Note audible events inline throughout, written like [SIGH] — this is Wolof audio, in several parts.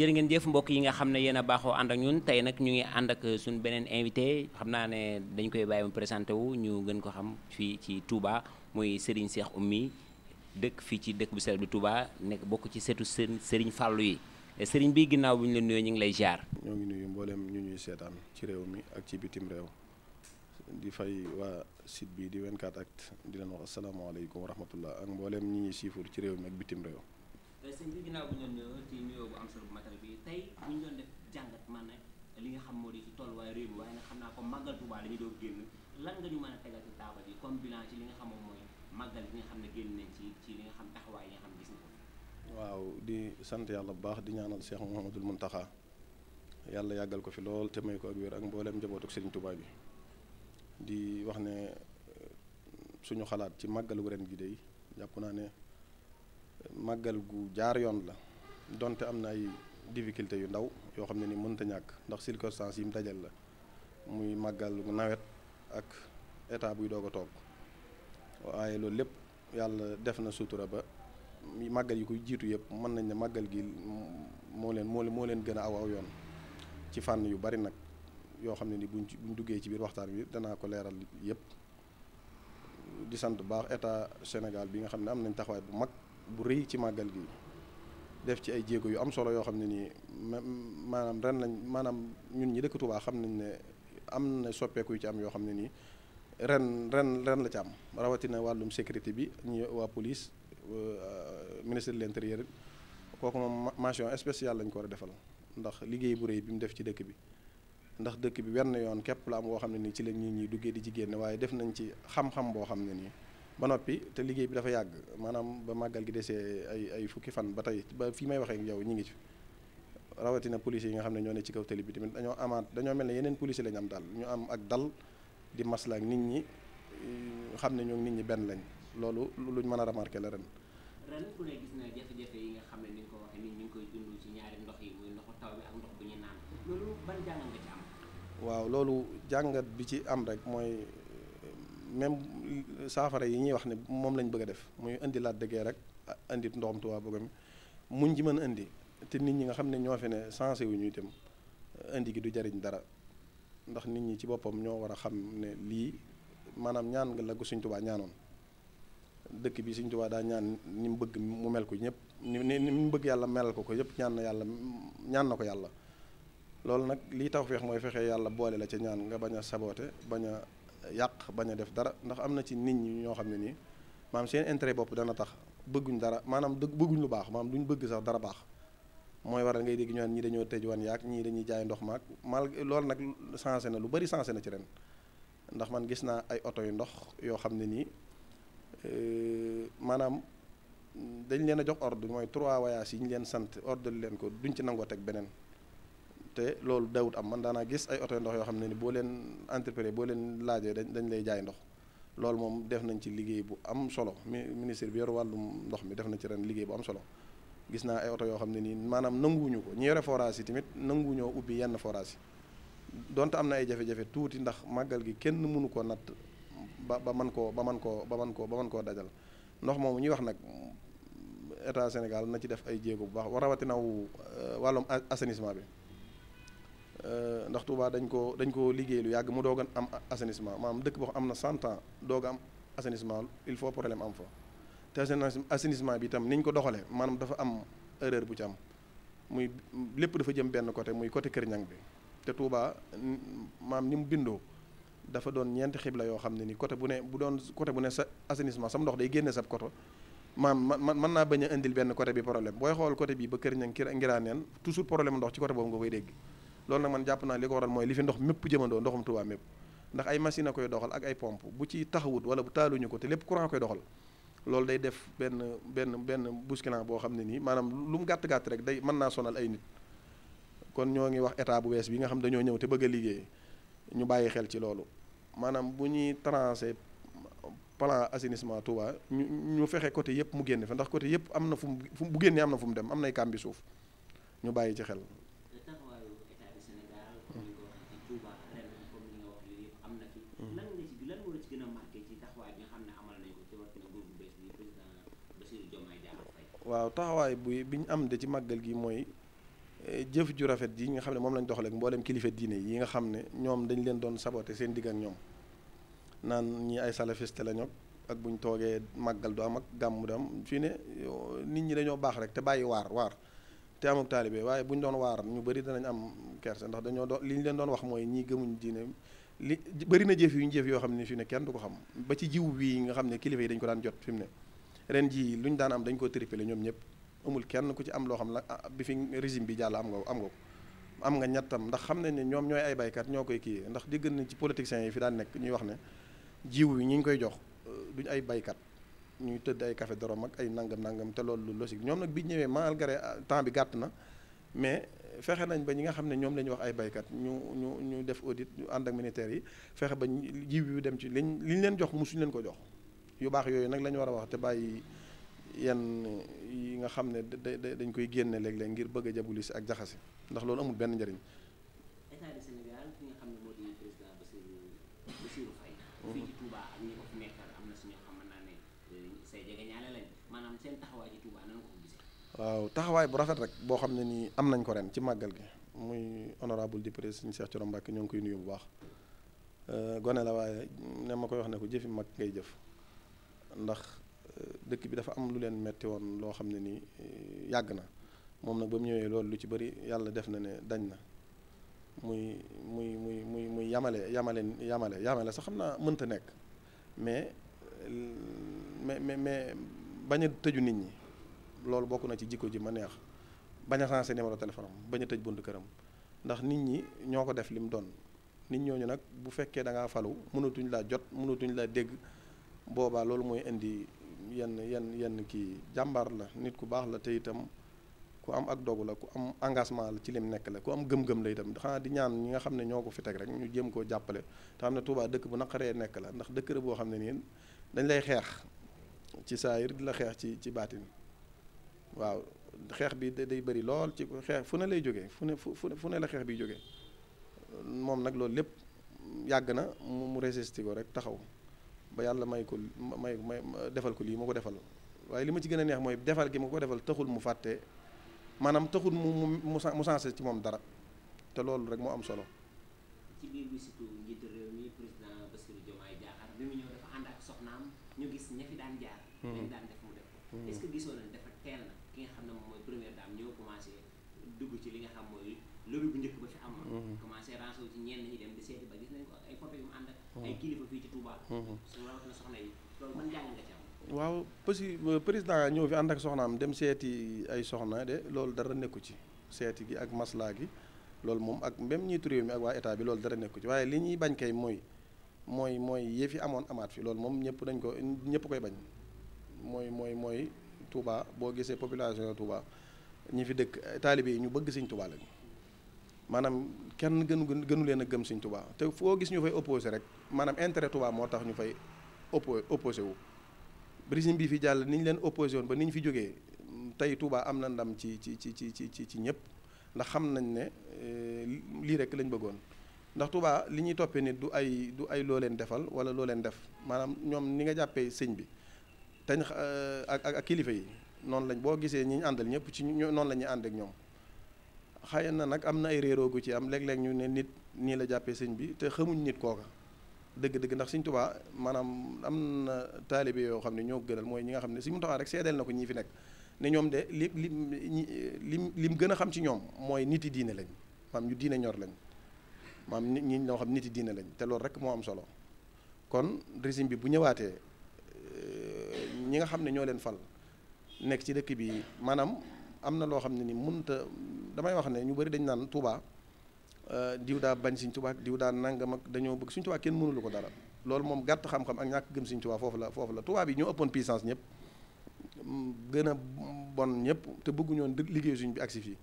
jërë ngeen jëf mbokk yi nga xam ne yéen baaxoo ànd ak ñun tey nag ñu ngi ànd ak suñu beneen invité xam naa ne dañ koy bàyyi mu présenté wu ñu gën ko xam fii ci Touba mooy Serigne Cheikh Oumy dëkk fii ci dëkk bu sell bi nekk bokk ci seetu Serigne Fallou yi Serigne bi ginnaaw bu ñu leen nuyoo ñu ngi lay jaar. ñoo ngi nuyu mbooleem ñu ñuy seetaan ci réew mi ak ci bitim réew di fay waa site bi di 24 actu di leen wax asalaamaaleykum wa rahmatullah ak mboolem ñi ñuy ci réew mi ak bitim réew. sëñ bi ginnaaw bu ñu doon ñëw ci nuyoo bu am solo bu matal bi tey ñu doon def jàngat maanaam li nga xam moo di ci tolluwaay réew mi waaye nag xam naa ko màggal Tuubaa la ñu génn lan nga ñu mën a tegal ci taabal yi ci li nga xam moom mooy màggal nga xam ne gis na ko. waaw di sant yàlla bu baax di ñaanal Cheikh Mouhamadul Mountakha yàlla yàggal ko fi lool te may ko ak wér ak mbooleem njabootu Serigne Touba bi di wax ne suñu xalaat ci màggalu ren gi naa ne màggal gu jaar yoon la donte am na ay difficulté yu ndaw yoo xam ne ni mënta ñàkk ndax circonstance yi mu dajal la muy màggal gu nawet ak état buy doog a toog waaye loolu lépp yàlla def na sutura ba màggal yi koy jiitu yëpp mën nañ ne màggal gi moo leen moo moo leen gën a aw aw yoon ci fànn yu bari nag yoo xam ne ni buñ buñ duggee ci biir waxtaan bi danaa ko leeral yëpp di sant baax état Sénégal bi nga xam ne am nañ taxawaay bu mag bu rëy ci màggal gi def ci ay jéego yu am solo yoo xam ne nii maanaam ren lañ maanaam ñun ñi dëkk Touba xam nañ ne am na soppeeku yu ci am yoo xam ne nii ren ren ren la ci am rawatina wàllum sécurité bi ñu waa police euh, euh, ministre de l'intérieur kooku moom mention spéciale lañ ko war a defal ndax liggéey bu rëy bi mu def ci dëkk bi ndax dëkk bi wenn yoon képp la am woo xam ne nii ci la nit ñi duggee di jigéen ne waaye def nañ ci xam-xam boo xam ne nii. ba noppi te liggéey bi dafa yàgg maanaam ba màggal gi desee ay ay fukki fan ba tey ba fii may waxee yow ñu ngi ci rawatina police yi nga xam ne ñoo ne ci kaw tali bi tamit dañoo amaat dañoo mel ne yeneen police lañ am daal ñu am ak dal di masla ak nit ñi euh, xam ne ñoo nit ñi benn lañ loolu luñ mën a remarqué la ren. ren ne gis na jafe-jafe yi nga xam ne ni nga ko waxee ni ñu ngi koy dund ci ñaari ndox yi muy ndoxu taw bi ak ndox bu ñuy naan loolu ban jàngat nga ci am. waaw loolu jàngat bi ci am rek mooy. même euh, saafara yi ñuy wax ne moom lañ bëgg a def muy indi laat dëggee rek ah, indi ndoxam Tuubaa bëggam muñ ji mën a indi te nit ñi nga xam ne ñoo fi ne sensé wu ñu itam euh, indi gi du jariñ dara ndax nit ñi ci boppam ñoo war a xam ne lii maanaam ñaan nga la ko Sëñ Tuubaa ñaanoon dëkk bi suñ Tuubaa daa ñaan ni mu bëgg mu mel ko ñëpp ni ni mu bëgg yàlla melal ko ko yëpp ñaan na yàlla ñaan na ko yàlla loolu nag lii taw feex mooy fexe yàlla boole la ca ñaan nga bañ a saboote bañ yàq bañ a def dara ndax am na ci nit ñi ñoo xam ne nii maam seen intérêt bopp dana tax bëgguñ dara maanaam dëgg bëgguñ lu baax maam duñ bëgg sax dara baax mooy waral ngay dégg ñu naan ñii dañoo tëj wan yaag ñii dañuy jaay ndox maag mal loolu nag changé na lu bari changé na ci ren ndax man gis naa ay oto yu ndox yoo xam ne nii euh, maanaam dañ leen a jox ordre mooy trois voyages yi ñu leen sant ordre leen ko duñ ci nangoo teg beneen te loolu dawut am man daanaa gis ay oto ndox yoo xam ne ni boo leen entrepreneur boo leen laajee dañ dañ lay jaay ndox loolu moom def nañ ci liggéey bu am solo ministre bi yor wàllum ndox mi def nañ ci ren liggéey bu am solo gis naa ay oto yoo xam ne nii maanaam nanguwuñu ko ñi yore forage yi tamit nanguwuñoo ubbi yenn forage yi am na ay jafe-jafe ndax màggal gi kenn mënu ko natt ba ba mën koo ba mën koo ba mën koo ba mën koo dajal ndox moomu ñuy wax nag état Sénégal na ci def ay jéego bu baax rawatina euh, wàllum assainissement bi Euh, ndax Touba dañ koo dañ koo liggéey lu yàgg mu doog am assainissement maanaam dëkk boo am na 100 ans doog am assainissement il faut problème am fa te assainissement bi itam ni ko doxalee maanaam dafa am erreur bu ci am muy lépp dafa jëm benn côté muy côté Kër Ñang bi te Touba maam ni mu bindoo dafa doon ñeenti xibla yoo xam ne ni côté bu ne bu doon côté bu ne sa assainissement sam ndox day génne sab koto maam man a indil benn côté bi problème booy xool côté bi ba Kër Ñang kir ngiraa neen toujours problème ndox ci côté boobu nga koy dégg loolu nag man jàpp naa li ko waral mooy li fi ndox mépp jëmandoo ndoxum Touba mépp ndax ay machine a koy doxal ak ay pompe bu ci taxawut wala bu taaluñu ko te lépp courant koy doxal loolu day def benn benn benn bousculant boo xam ne nii maanaam lu mu gàtt-gàtt rek day mën naa sonal ay nit kon ñoo ngi wax état bu wees bi nga xam dañoo ñëw te bëgg a liggéey ñu bàyyi xel ci loolu maanaam bu ñuy trancé plan assainissement Touba ñu ñu fexe coté yëpp mu génn fa ndax côté yëpp am na fu mu fu bu génnee am na fu mu dem am nay kàmbi suuf ñu bàyyi ci xel Mm. waaw taxawaay bu bi ñu am de ci màggal gi mooy eh, jëf ju rafet ji nga xam ne moom lañ doxaleeg mboolem kilifa diine yi nga xam ne ñoom dañ leen doon saboté seen diggan ñoom naan ñi ay salafiste lañu ak bu ñu toogee màggal du am ak gàmmu du fii ne nit ñi dañoo baax rek te bàyyi waar waar. te amuk taalibe waaye bu ñu doon waaram ñu bëri danañ am kerse ndax dañoo doon li ñu leen doon wax mooy ñii gëmuñ diine li bëri na jëf yu ñu jëf yoo xam ne fi ne kenn du ko xam ba ci jiw bii nga xam ne kilifa yi dañ ko daan jot fi mu ne ren jii lu ñu daan am dañ ko triplé ñoom ñëpp amul kenn ku ci am loo xam la ah, bi fi régime bi jàll am nga am nga ko am nga ñettam ndax xam nañ ne ñoom ñooy ay baykat ñoo koy kii ndax di gën nañ ci politiciens yi fi daan nekk ñuy wax ne jiw yi ñi ñu koy jox euh, duñ ay baykat ñuy tëdd ay kafe dorom ak ay nangam nangam te loolu lu logique ñoom nag bi ñëwee malgré ah, temps bi gàtt na mais fexe nañ ba ñi nga xam ne ñoom la ñuy wax ay baykat ñu ñu ñu def audit ñu ànd ak militaires yi fexe ba jiw yu dem ci liñ liñ leen jox musuñ leen ko jox yu baax yooyu nag la ñu war a wax te bàyyi yenn yi nga xam ne dañ koy génne léeg leen ngir bëgg a jabulisi ak jaxase ndax loolu amul benn njëriñ waaw taxawaay bu rafet rek boo xam ne nii am nañ ko ren ci màggal gi muy honorable du président Serigne Cheikh Thioro Mbacké ñoo ngi koy nuyu bu baax euh, gone la waaye ne ma koy wax ne ko jëfi mag ngay jëf ndax euh, dëkk bi dafa am lu leen metti woon loo xam ne nii euh, yàgg na moom nag ba ñëwee loolu lu ci bëri yàlla def na ne dañ na muy muy muy muy muy yamale yamale yamale yamale sax xam naa mënta nekk mais mais mais bañ a tëju nit ñi loolu bokk na ci jikko ji ma neex bañ a sensé numéro téléphone am bañ a tëj bunt këram ndax nit ñi ñoo ko def li mu doon nit ñooñu nag bu fekkee da ngaa falu mënatuñ laa jot mënatuñ laa dégg boobaa loolu mooy indi yenn yenn yenn kii jàmbaar la nit ku baax la te itam ku am ak dogu la ku am engagement la ci lim nekk la ku am gëm-gëm la itam xanaa di ñaan ñi nga xam ne ñoo ko fi teg rek ñu jéem koo jàppale te xam ne Touba dëkk bu naqaree nekk la ndax dëkk boo xam ne nii dañ lay xeex ci saayir di la xeex ci ci baatin waaw xeex bi day bëri lool ci xeex fu ne lay jóge fu ne fu fu ne la xeex biy jóge moom nag loolu lépp yàgg na mu mu résister ko rek taxaw ba yàlla may ko may may defal ko lii ma ko defal waaye li ma ci gën a neex mooy defal gi ma ko defal taxul mu fàtte maanaam taxul mu mu mu mu ci moom dara te loolu rek mu am solo. mi président Bassirou Diomaye gis Mm-hmm. commencé ranceau ci ñenn ñi dem di seeti ba mm-hmm. mm-hmm. soxna am waaw euh, président ñëw fi ànd ak soxnaam dem seeti ay soxna de loolu dara nekku ci seeti gi ak maslaa gi loolu moom ak mbem ñiitu réew mi ak waa état bi loolu dara nekku ci waaye li ñuy bañ kay mooy mooy mooy yëf yi amoon amaat fi loolu moom ñëpp dañ ko ñëpp koy bañ mooy mooy mooy Touba boo gisee population Touba ñi fi dëkk taalibe yi ñu bëgg Sëñ Touba lañu maanaam kenn gënu gënu leen a gëm Sëñ Tuubaa te foo gis ñu fay opposé rek maanaam intérêt Tuubaa moo tax ñu fay oppo opposé wu. régime bii fi jàll ni ñu leen opposé woon ba ni ñu fi jógee tey Tuubaa am na ndam ci ci ci ci ci ci ñëpp ndax xam nañ ne eh, lii rek lañ bëggoon ndax tubaa li ñuy toppee nit du ay du ay loo leen defal wala loo leen def maanaam ñoom ni nga jàppee sëñ bi teñ eh, ak ak kilifa yi noonu lañ boo gisee ñi ñu àndal ñëpp ci noonu la ñuy ànd ñoom. xëy na nag am na ay réeroo gu ci am léeg-léeg ñu ne nit nii la jàppee sëñ bi te xamuñ nit kooka dëgg-dëgg ndax sëñ tubaa maanaam am na taalibe yoo xam ne ñoo gënal mooy ñi nga xam ne sëñ Muntaxaa rek seedeel na ko ñii fi nekk ne ñoom de li li lim lim gën a xam ci ñoom mooy nit yi diine lañ maam ñu ñor lañ maam nit ñi ñoo xam nit yi diine lañ te rek moo am solo kon régime bi bu ñëwaatee eh, ñi nga xam ne ñoo leen fal nekk ci dëkk bi maanaam am na loo xam ne ni mënut a damay wax ne ñu bari dañ naan Touba euh, diw daa bañ Sëñ Touba diw daa nangam ak dañoo bëgg Sëñ Touba kenn mënulu ko dara loolu moom gàtt xam-xam ak ñàkk gëm Sëñ Touba foofu la foofu la Touba bi ñoo ëppoon puissance ñëpp gën a bon ñëpp te bëgguñoon liggéey suñ bi agsi fii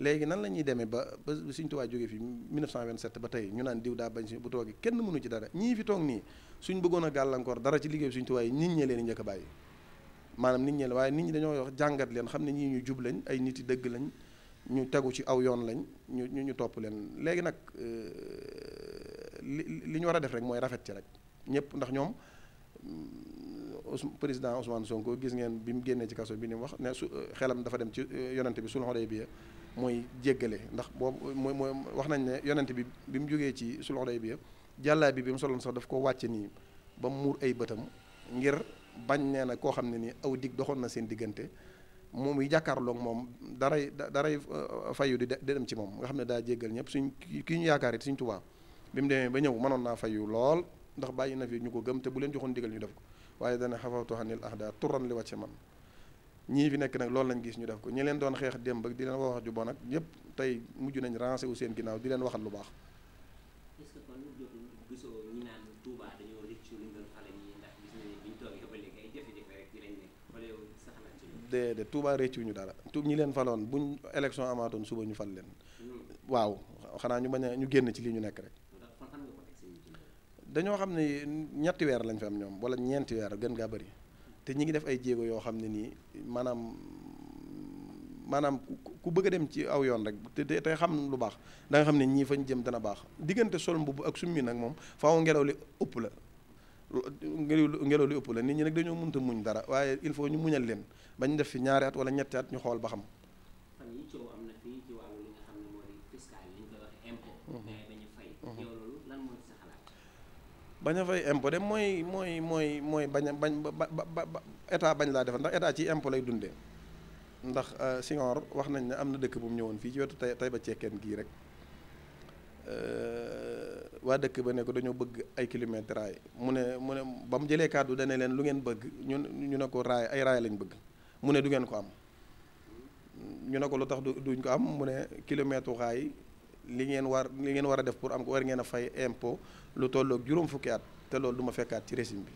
léegi nan la ñuy demee ba ba Sëñ Touba jógee fi 1927 ba tey ñu naan diw daa bañ Sëñ bu toogee kenn mënu ci dara ñii fi toog nii suñ bëggoon a gàllankoor dara ci liggéey Sëñ nit ñee leen njëkk a maanaam nit ñi la waaye nit ñi dañoo wax jàngat leen xam ne ñii ñu jub lañ ay nit yi dëgg lañ ñu tegu ci aw yoon lañ ñu ñu ñu topp leen léegi nag euh, li li ñu war a def rek mooy rafet ci rek ñëpp ndax ñoom mm, président Ousmane Sonko gis ngeen bi mu génnee ci kaso bi ni mu wax ne su euh, xelam dafa dem ci euh, yonent bi sulh Hudaybiya mooy jéggale ndax boobu mooy mooy wax nañ ne yonent bi bi mu jógee ci bi Hudaybiya jàllaa bi bi mu soloon sax daf ko wàcce nii ba mu muur ay bëtam ngir. bañ nee na koo xam ne ni aw dig doxoon na seen diggante moom muy jàkkaarloog moom daray daray euh, fayu di dem ci moom nga xam ne daa jéggal ñëpp suñ kii ñu yaakaar it suñ Tuubaa bi demee ba ñëw mënoon naa fayu lool ndax bàyyi na fi ñu ko gëm te bu leen joxoon digal ñu def ko waaye dana xafawtuhanil ahda turan li wàcce man ñii fi nekk nag loolu lañ gis ñu def ko ñi leen doon xeex démb ak di leen wax ju bon nag ñëpp tey mujj nañ rancé wu seen ginnaaw di leen waxal lu baax de Touba réccu ñu dara tu ñi leen faloon bu buñ élection amaatoon suba ñu fal leen waaw xanaa ñu bañ a ñu génn ci li ñu nekk rek dañoo xam ne ñetti weer lañ fi am ñoom wala ñeenti weer gën gaa bari te ñi ngi def ay jéego yoo xam ne nii maanaam maanaam ku bëgg a dem ci aw yoon rek te te xam lu baax da xam ne ñii fañ jëm dana baax diggante sol mbubb ak summi nag moom faaw ngelaw li ëpp la ngelaw li ëpp la nit ñi nag dañoo munta muñ dara waaye il faut ñu muñal leen bañ def fi ñaari at wala ñetti at ñu xool ba xam. fan yi moo mhm. bañ a fay. Mhm. yow mooy sa xalaat. bañ de mooy mooy mooy bañ bañ ba ba ba état bañ laa defal ndax état ci impôt lay dundee ndax euh, Senghor wax nañ ne am na dëkk bu mu ñëwoon fii ci wetu tey tey ba ceekeen gii rek. Euh, waa dëkk ba ne dañoo bëgg ay kilomètres raay mu ne mu ne ba mu jëlee kàddu dane leen lu ngeen bëgg ñun ñu ne ko raay ay raay lañ bëgg mu ne du ngeen ko am ñu ne ko lu tax du duñ ko am mu ne kilomètre xaay li ngeen war li ngeen war a def pour am ko war ngeen a fay impo lu tolloog juróom fukki at te loolu du ma fekkaat ci résime bi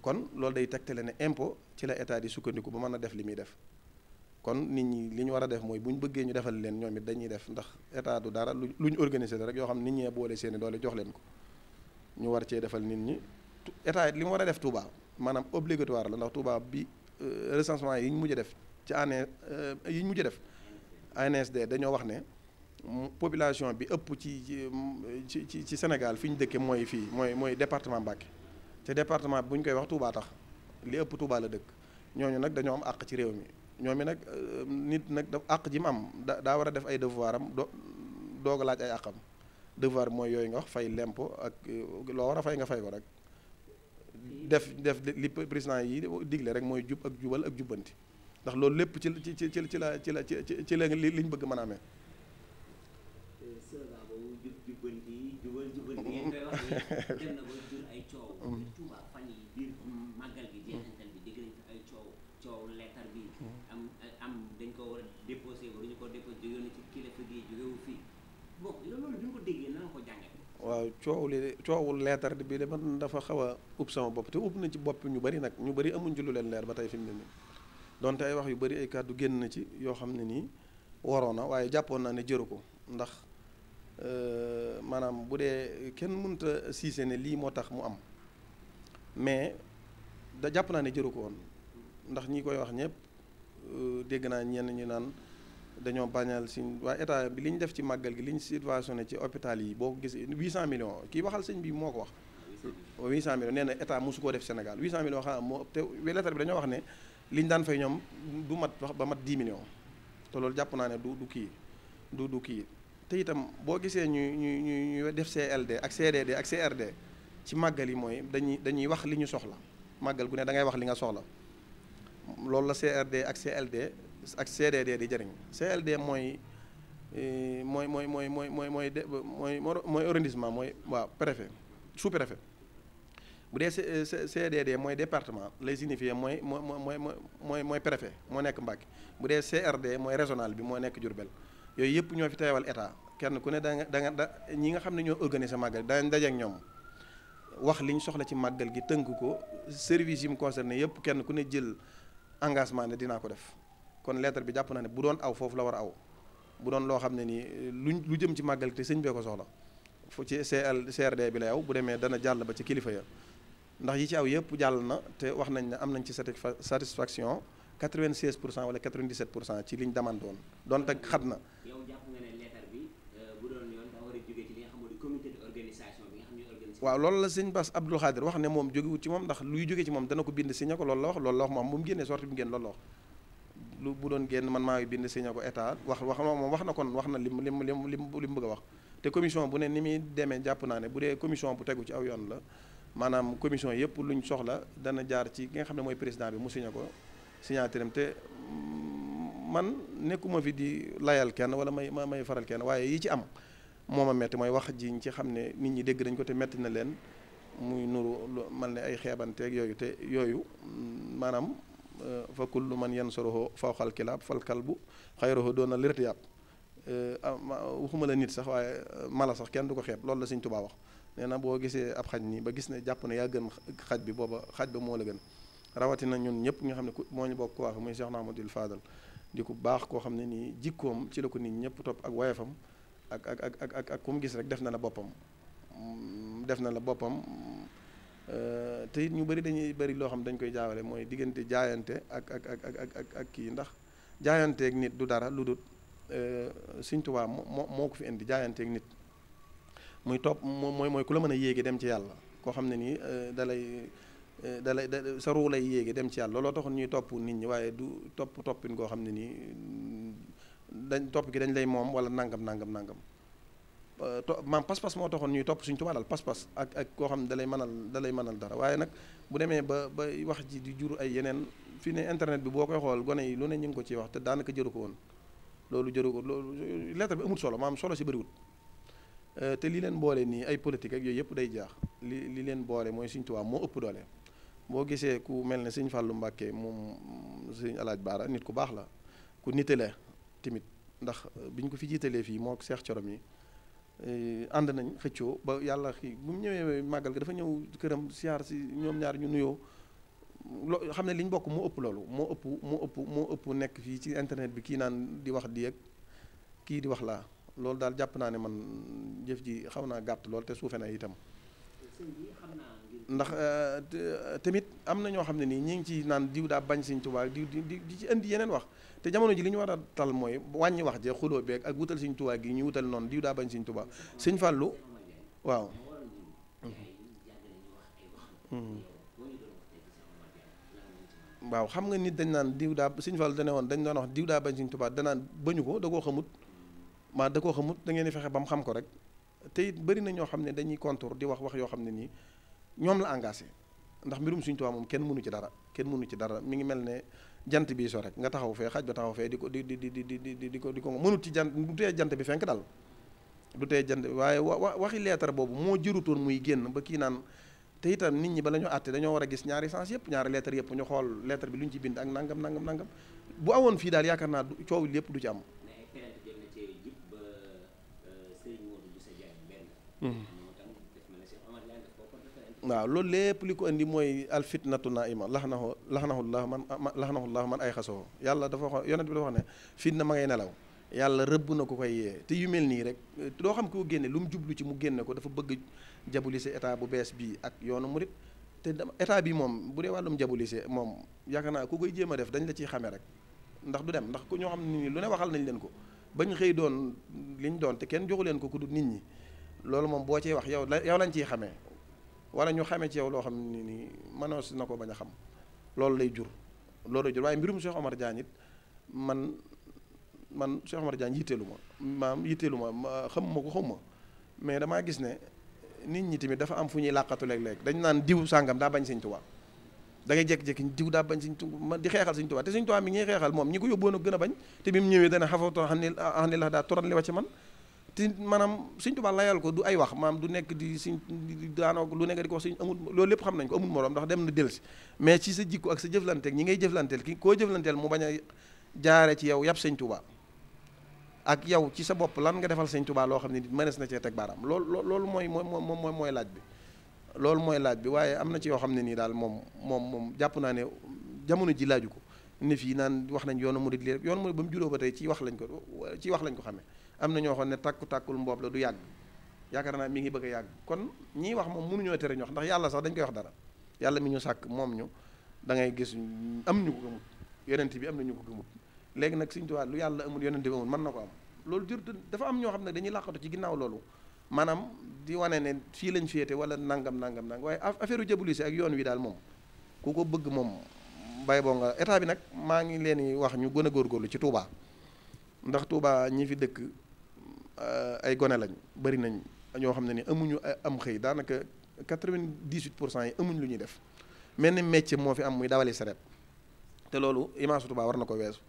kon loolu day tegtale ne impôt ci la état di sukkandiku ba mën a def li muy def kon nit ñi li ñu war a def mooy bu ñu bëggee ñu defal leen ñoom it dañuy def ndax état du dara lu ñu organiser la rek yoo xam nit ñee boole seeni doole jox leen ko ñu war cee defal nit ñi état li mu war a def Touba maanaam obligatoire la ndax Touba bi Euh, recensement yi ñu mujj def ci année euh, yi ñu mujj def ANSD dañoo wax ne population bi ëpp ci ci ci Sénégal fi ñu dëkkee mooy fii mooy mooy département Mbacké te département bi bu ñu koy wax tuubaa tax li ëpp Touba la dëkk ñooñu nag dañoo am àq ci réew mi ñoom mi nag euh, nit nag daf àq ji mu am da daa war a def ay devoir am do doog laaj ay àqam devoir mooy yooyu nga wax fay lempo ak loo war a fay nga fay ko rek. def def li président yi digle rek mooy jub ak jubal ak jubbanti ndax loolu lépp ci ci ci ci la ci la ci ci la li ñu bëgg man a amee. coow leetar bi am am dañ ko war a déposé ko déposé jóge na ci kilifa gi jógewu fii bon waaw coow li coowul leetar bi de man dafa xaw a ub sama bopp te ub na ci bopp ñu bari nag ñu bari amuñ ci lu leen leer ba tey fi mu ne nii donte ay wax yu bari ay kàddu génn na ci yoo xam ne nii waroon na waaye jàppoon naa ne jëru ko ndax euh, maanaam bu dee kenn mënta siise ne lii moo tax mu am mais da jàpp naa ne jëru ko woon ndax ñi koy wax ñépp euh, dégg naa ñenn ñu naan dañoo bañal suñ waa état bi li ñu def ci màggal gi li ñu subventionné ci hôpital yi boo ko gisee 800 millions kii waxal sëñ bi moo ko wax. 800 millions nee na état mosu koo def Sénégal 800 millions xam moo te lettre bi dañoo wax ne li ñu daan fay ñoom du mat wax ba mat 10 millions te loolu jàpp naa ne du du kii du du kii te itam boo gisee ñu ñu ñu ñu def CLD ak CDD ak CRD ci màggal yi mooy dañuy dañuy wax li ñu soxla màggal gu ne da ngay wax li nga soxla loolu la CRD ak CLD. ak CDD di jëriñ CLD mooy mooy mooy mooy mooy mooy mooy mooy mooy arrondissement mooy waaw préfet sous préfet bu dee CDD mooy département lay signifier mooy mooy mooy mooy mooy préfet moo nekk Mbàkke bu dee CRD mooy régional bi moo nekk Jurbel yooyu yëpp ñoo fi teewal état kenn ku ne da nga da ñi nga xam ne ñoo organiser màggal danañ daje ak ñoom wax liñ soxla ci màggal gi tënk ko service yi mu concerné yëpp kenn ku ne jël engagement ne dinaa ko def kon lettre bi jàpp na ne bu doon aw foofu la war a aw bu doon loo xam ne nii luñ lu jëm ci màggal te sëñ bee ko soxla fu ci CL CRD bi la aw bu demee dana jàll ba ci kilifa ya ndax yi ci aw yëpp jàll na te wax nañ ne am nañ ci satisfaction 96 pour cent wala 97 pour cent ci liñ demande woon donte xat na. yow jàpp nga euh, a jóge ci li nga xam ne comité d'organisation bi nga xam ne organisation. waaw loolu la sëñ Bass Abdou Khadir wax ne moom jógewut ci moom ndax luy jóge ci moom dana ko bind signé ko loolu la wax loolu la wax moom moom génnee sorti bi ngeen loolu la wax. lu bu doon génn man maa ngi bind signé ko état wax wax moom wax na kon wax na lim lim lim lim li mu bëgg a wax te commission bu ne ni muy deme jàpp naa ne bu dee commission bu tegu ci aw yoon la maanaam commission yëpp luñ soxla dana jaar ci ki nga xam ne mooy président bi mu signé ko signature te man nekkuma fi di layal kenn wala may may faral kenn waaye yi ci am moom ma metti mooy wax jiñ ci xam ne nit ñi dégg nañ ko te metti na leen muy nuru mal ne ay xeebanteeg yooyu te yooyu maanaam fa kullu man yenn yansuruhu fawqal kilaab fal kalbu xayruhu doona lirtiyaab eh, waxuma la nit sax waaye eh, mala sax kenn du ko xeeb loolu la Sëñ Tuubaa wax nee na boo gisee ab xaj nii ba gis ne jàpp na yaa gën xaj bi booba xaj ba moo la gën rawatina ñun ñëpp nga xam ne moo ñu bokk ku wax muy Cheikh Ahmadul Fadal di ku baax koo xam ne nii jikkoom ci la ko nit ñëpp topp ak woyefam ak ak ak ak ak ku mu gis rek def na la boppam mm, def na la boppam Euh, te it ñu bëri dañuy bëri loo xam dañ koy jaawale mooy diggante jaayante ak ak ak ak ak kii ndax jaayanteeg nit du dara lu dul euh, Sëñ Tuubaa moo moo ko fi indi jaayanteeg nit muy topp mooy mooy ku la mën a yéege dem ci yàlla koo xam ne nii euh, dalay dalay sa ruu lay yéege dem ci yàlla looloo taxoon ñuy topp nit ñi waaye du topp toppin koo xam ne nii dañ topp ki dañ lay moom wala nangam nangam nangam. to maam pas-pas moo taxoon ñuy topp suñ Tuubaa daal pas-pas ak ak koo xam ne dalay manal dalay mënal dara waaye nag bu demee ba ba wax ji di jur ay yeneen fii ne internet bi boo koy xool gone yi lu ne ñu ngi ko ciy wax te daanaka jëru ko woon loolu jëru ko loolu lettre bi amul solo maam solo si bëriwul euh, te li leen boole nii ay politique ak yooyu yëpp day jaax li li leen boole mooy suñ Tuubaa moo ëpp doole boo gisee ku mel ne sëñ Fàllu Mbàkke moom sëñ Alaaj Baara nit ku baax la ku nite la tamit ndax euh, biñ ko fi jiitalee fii moo Seex Corom yi Eh, ànd nañ xëccoo ba yàlla xii bu mu ñëwee màggal ga dafa ñëw këram siyaar si ñoom ñaar ñu nuyoo lo xam ne li bokk moo ëpp loolu moo ëpp moo ëpp moo ëpp nekk fii ci internet bi kii naan di wax di ak kii di wax laa loolu daal jàpp naa ne man jëf ji xaw naa gàtt lool te suufe na itam. ndax euh, euh, tamit am na ñoo xam ne nii ñi ngi ci naan diw daa bañ Sëñ Tuubaa diw di di ci indi yeneen wax te jamono ji li ñu war a tal mooy wàññi wax je xuloo beeg ak wutal gi ñu wutal noonu diw daa bañ Sëñ Tuubaa Sëñ mhm. xam nga nit dañ naan diw daa Sëñ Fàllu woon dañ doon wax bañ Sëñ danaan bañu ko da koo xamut maa da koo xamut da ngeen di fexe ba mu xam ko rek te it bëri na ñoo xam ne dañuy contour di wax wax yoo xam ne nii ñoom la engagé ndax mbirum suñu Tuubaa moom kenn mënu ci dara kenn mënu ci dara mi ngi mel ne jant bi so rek nga taxaw fee xaj ba taxaw fee di ko di di di di di ko di ko mënut ci jant du tee jant bi fenk daal du tee jant bi waaye wa waxi leetar boobu moo jërutoon muy génn ba kii naan te itam nit ñi ba la ñu dañoo war a gis ñaari sens yëpp ñaari leetar yëpp ñu xool leetar bi lu ñu ci bind ak nangam nangam nangam bu awoon fii daal yaakaar naa coow lépp du ci am. mais waaw loolu lépp li ko indi mooy alfitnatu naima laxnahu laxnahullah man laxnahullah man ay xasoo yàlla dafa wax yonent bi dafa wax ne fitna ma ngay nelaw yàlla rëbb na ko koy yee te yu mel nii rek doo xam koo génne lu mu jublu ci mu génne ko dafa bëgg jabulise état bu bees bii ak yoonu mu murit te état bi moom bu dee wàllum jabulise moom yaakaar naa ku koy jéem a def dañ la ciy xamee rek ndax du dem ndax ku ñoo xam ne nii lu ne waxal nañ leen ko bañ xëy doon liñ doon te kenn joxu leen ko ku du nit ñi loolu moom boo cee wax yow yow lañ ciy xamee wala ñu xamee ci yow loo xam ne nii mënoo na ko bañ a xam lool lay jur loolu lay jur waaye mbirum Cheikh Omar Diagne it man man Cheikh a Diagne yitteelu ma maam yitteelu ma xam ma ko xam ma mais damaa gis ne nit ñi tamit dafa am fu ñuy làqatu léeg-léeg dañ naan diw sàngam daa bañ Sëñ Tuubaa da ngay jékki-jékki diw daa bañ Sëñ Tuubaa di xeexal Sëñ Tuubaa te Sëñ Tuubaa mi ngi xeexal moom ñi ko yóbboon a gën a bañ te bi mu ñëwee dana xafawtoo xam ni xam ni la daa turan li ci man te maanaam Sëñ Tuubaa layal ko du ay wax maam du nekk di siñ daanoo lu nekk di ko wax Sëñ amul loolu lépp xam nañ ko amul moroom ndax dem na si mais ci sa jikko ak sa jëflanteeg ñi ngay jëflanteel ki koo jëflanteel mu bañ a jaare ci yow yàpp Sëñ Tuubaa ak yow ci sa bopp lan nga defal Sëñ Tuubaa loo xam ne mënees na cee teg baaraam loolu loolu mooy mooy mooy mooy laaj bi loolu mooy laaj bi waaye am na ci yoo xam ne nii daal moom moom moom jàpp naa ne jamono ji laaju ko ne fii naan wax nañ yoonu murid lii rek yoonu murid ba mu juddoo ba tey ci wax lañ ko ci wax lañ ko xamee am na ñoo xam ne tàkku tàkkul mboob la du yàgg yaakaar naa mi ngi bëgg yàgg kon ñii wax moom mënuñoo tere ñu wax ndax yàlla sax dañ koy wax dara yàlla mi ñu sàkk moom ñu da ngay gis am ñu ko gëmut yonent bi am na ñu ko gëmut léegi nag Sëriñ Tuubaa lu yàlla amul yonent bi amul man na ko am loolu jur dafa am ñoo xam ne dañuy làqatu ci ginnaaw loolu maanaam di wane ne fii lañ féete wala nangam nangam nangam waaye affaire jabulise ak yoon wi daal moom ku ko bëgg moom bay boo nga état bi nag maa ngi leen di wax ñu gën a góorgóorlu ci Touba ndax Touba ñi fi dëkk Euh, ay gone lañ bëri nañ ñoo xam ne ni amuñu euh, am xëy daanaka quatre-vingt-dix-huit pour cent yi amuñ lu ñuy def mel ni métier moo fi am muy dawali sareet te loolu image Touba war na ko weesu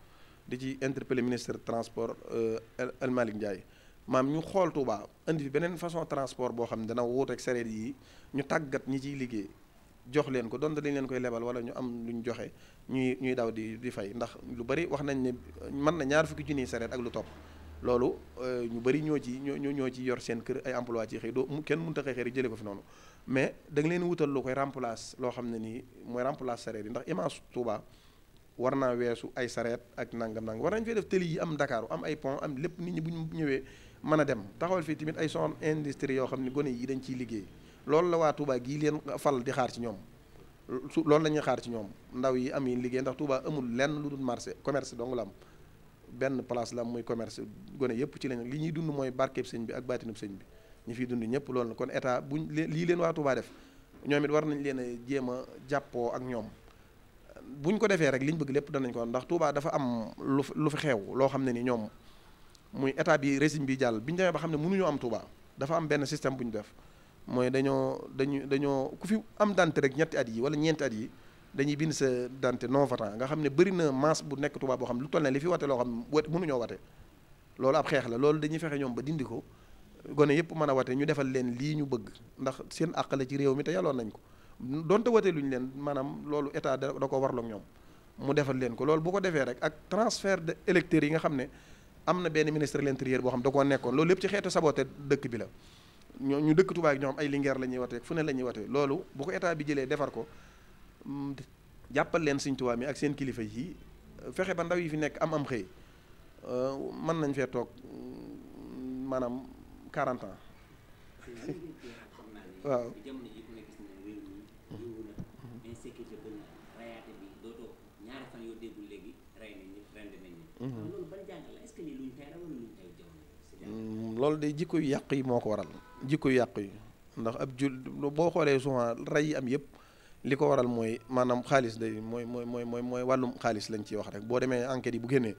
di ci interpeller ministre transport euh, El Malick Ndiaye maam ñu xool Touba indi fi beneen façon transport boo xam ne dana wuuteeg sareet yi ñu tàggat ñi ciy liggéey jox leen ko donte dañ leen koy lebal wala ñu am lu ñu joxe ñuy ñuy daw di di fay ndax lu bari wax nañ ne mën na ñaar fukki junniy sareet ak lu topp loolu euh, ñu bari ñoo ci ñoo ñoo ci yor seen kër ay emploi ci xëy doo kenn mun a xëy xëy jëlee ko fi noonu mais da leen wutal lu koy remplace loo xam ne nii mooy remplace sareet yi ndax image Touba war naa weesu ay sareet ak nangam nangam war nañ fee def tëli yi am ndakaaru am ay pont am lépp nit ñi bu ñu ñëwee mën a dem taxawal fii tamit ay son industrie yoo xam ne gone yi dañ ciy liggéey loolu la waa Touba gii leen fal di xaar ci ñoom su loolu la ñuy xaar ci ñoom ndaw yi am yi liggéey ndax Touba amul lenn lu dul marché commerce dong la benn place la muy commerce gone yëpp ci lañ li ñuy dund mooy barkeeb sëñ bi ak baatinub sëñ bi ñu fiy dund ñëpp loolu na kon état buñ lii leen waa Touba def ñoom it war nañ leen a jéem a jàppoo ak ñoom buñ ko defee rek liñ bëgg lépp danañ ko ndax Touba dafa am lu lu fi xew loo xam ne ni ñoom muy état bi régime bi jàll biñu demee ba xam ne mënuñu am Touba dafa am benn système bu ñu def mooy dañoo dañu dañoo ku fi am dante rek ñetti at yi wala ñeenti at yi dañuy bind sa dante non votant nga xam ne bëri na masse bu nekk Touba boo xam ne lu toll ne li fi wate loo xam wate mënuñoo wate loolu ab xeex la loolu dañuy fexe ñoom ba dindi ko gone yëpp mën a wate ñu defal leen lii ñu bëgg ndax seen àq la ci réew mi te yaloon nañ ko donte wate luñ leen maanaam loolu état da ko warloo ak ñoom mu defal leen ko bu ko defee rek ak transfert de électeurs yi nga xam ne am na benn ministre de l'intérieur boo xam da koo nekkoon loolu lépp ci xeetu saboté dëkk bi la ñoo ñu dëkk Touba ay Linguère la ñuy watee fu ne la ñuy watee loolu bu ko état bi jëlee defar ko Mm, jàppal leen Sëñ Tuubaa mi ak seen kilifa yi euh, fexe ba ndaw yi fi nekk am am xëy euh, mën nañ fee toog mm, maanaam 40 [LAUGHS] mhm. mm, loolu de jikko yu yàq yi moo ko waral jikko yu yàq yi ndax ab jul boo xoolee souvent rey yi am yëpp. li ko waral mooy maanaam xaalis day mooy mooy mooy mooy wàllum xaalis lañ ciy wax rek boo demee enquêtes yi bu génnee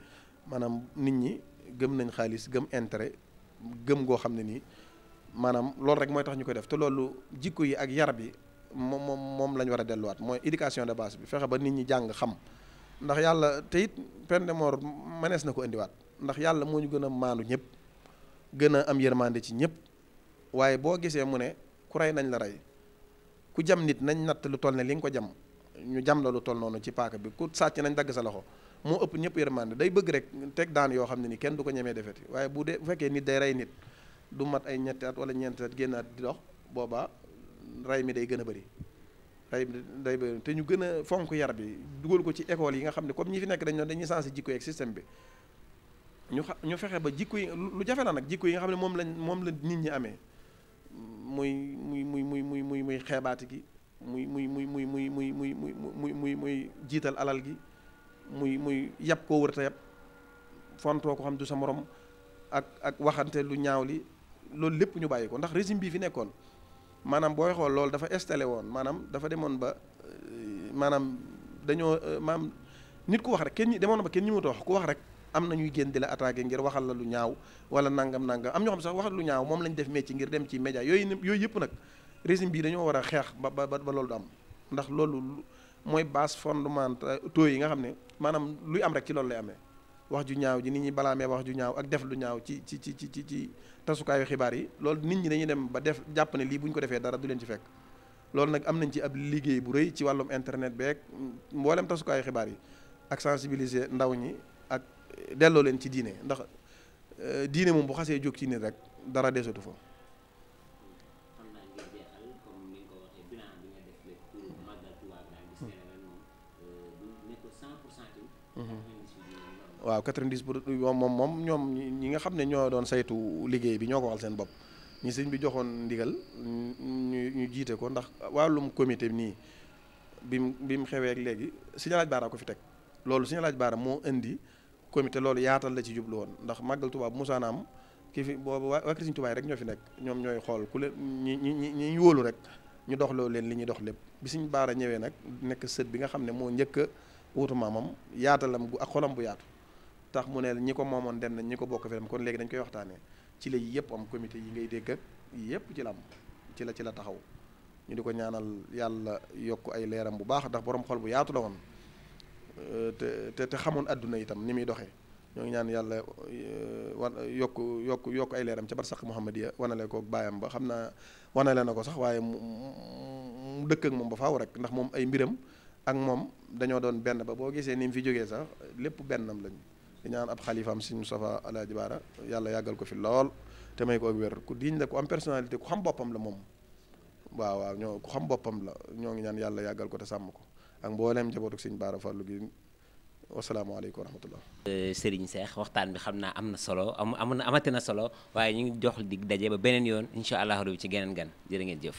maanaam nit ñi gëm nañ xaalis gëm intérêt gëm goo xam ne nii maanaam loolu rek mooy tax ñu koy def te loolu jikko yi ak yar bi moom moom moom la ñu war a delluwaat mooy éducation de base bi fexe ba nit ñi jàng xam ndax yàlla teyit it peine de mort mënees na ko indiwaat ndax yàlla moo ñu gën a maandu ñëpp gën a am yërmande ci ñëpp waaye boo gisee mu ne ku rey nañ la rey ku jam nit nañ natt lu toll ne li nga ko jam ñu jam la lu toll noonu ci paaka bi ku sàcc nañ dagg sa loxo moo ëpp ñëpp yërmande day bëgg rek teg daan yoo xam ne ni kenn du ko ñemee defeti bu dee bu fekkee nit day rey nit du mat ay ñetti wala ñeenti at génnaat di dox boobaa rey mi day gën a bëri rey mi day bëri te ñu gën a fonk yar bi dugal ko ci école yi nga xam ne comme ñi fi nekk dañ dañuy sensé jikko yeeg système bi ñu xa ñu fexe ba jikko yi lu jafe la nag jikko yi nga xam ne moom lañ moom la nit ñi amee muy muy muy muy muy muy muy xeebaati gi muy muy muy muy muy muy muy muy muy muy jiital alal gi muy muy yàpp koo wërta yàpp fontoo ko xam du sa morom ak ak waxante lu ñaaw li loolu lépp ñu bàyyi ko ndax régime bii fi nekkoon maanaam booy xool loolu dafa installé woon maanaam dafa demoon ba maanaam dañoo maam nit ku wax rek kenn demoon na ba kenn ñi mu wax ku wax rek am na ñuy génn di la attaqué ngir waxal la lu ñaaw wala nangam nangam am ñoo xam sax waxal lu ñaaw moom lañ def métier ngir dem ci média yooyu yooyu yëpp nag régime bi dañoo war a xeex ba ba ba loolu du am ndax loolu mooy base fondamentaux yi nga xam ne maanaam luy am rek ci loolu lay amee wax ju ñaaw ji nit ñi balaamee wax ju ñaaw ak def lu ñaaw ci ci ci ci ci ci tasukaayu xibaar yi loolu nit ñi dañuy dem ba def jàpp ne lii bu ñu ko defee dara du leen ci fekk loolu nag am nañ ci ab liggéey bu rëy ci wàllum internet beeg mboolem tasukaayu xibaar yi ak sensibiliser ndaw ñi delloo leen ci diine ndax euh, diine moom bu xasee jóg ci nit rek dara desatu fa. Hmm. waaw 90 pour moom moom ñoom ñi nga xam ne ñoo doon saytu liggéey bi ñoo ko waxal seen bopp ñi sëñ bi joxoon ndigal ñu ñu jiite ko ndax wàllum comité nii bi mu bi mu xewee ak léegi signalaaj baara ko fi teg loolu signalaaj baara moo indi. comité loolu yaatal la ci jublu woon ndax màggal Tuubaa bu am kii fi boobu waa Sëriñ Tuubaa rek ñoo fi nekk ñoom ñooy xool ku leen ñi ñi ñi wóolu rek ñu dox loolu leen li ñuy dox lépp bi Sëriñ Baara ñëwee nag nekk sët bi nga xam ne moo njëkk a wutu maamam yaatalam gu ak xolam bu yaatu tax mu ne ñi ko moomoon dem nañ ñi ko bokk fi kon léegi dañ koy waxtaanee ci la yëpp am comité yi ngay dégg ak yëpp ci la ci la ci la taxaw ñu di ko ñaanal yàlla yokk ay leeram bu baax ndax borom xol bu yaatu la woon te te xamoon àdduna itam ni muy doxee ñoo ngi ñaan yàlla euh, wa yokk yokk yokk ay leeram ca barsax Muhammadiya wanale ko baayam ba xam naa wanale na ko sax waaye mu dëkk ak moom ba faaw rek ndax moom ay mbiram ak moom dañoo doon benn ba boo gisee ni mu fi jógee sax lépp bennam lañu di ñaan ab xalifaam Sëñ Moustapha Alaaji Baara yàlla yàggal ko fi lool te may ko ak wér ku diñ la ku am personnalité ku xam boppam la moom waaw waaw ñoo ku xam boppam la ñoo ngi ñaan yàlla yàggal ko te sàmm ko ak mbooleem njabootu sëñ Baara Fàllu gi wasalaamaaleykum wa rahmatullah euh, Serigne Cheikh waxtaan bi xam naa am na solo am am amati na solo waaye ñu ngi jox dig daje ba beneen yoon incha allahu rabi ci geneen gan jërë ngeen jëf.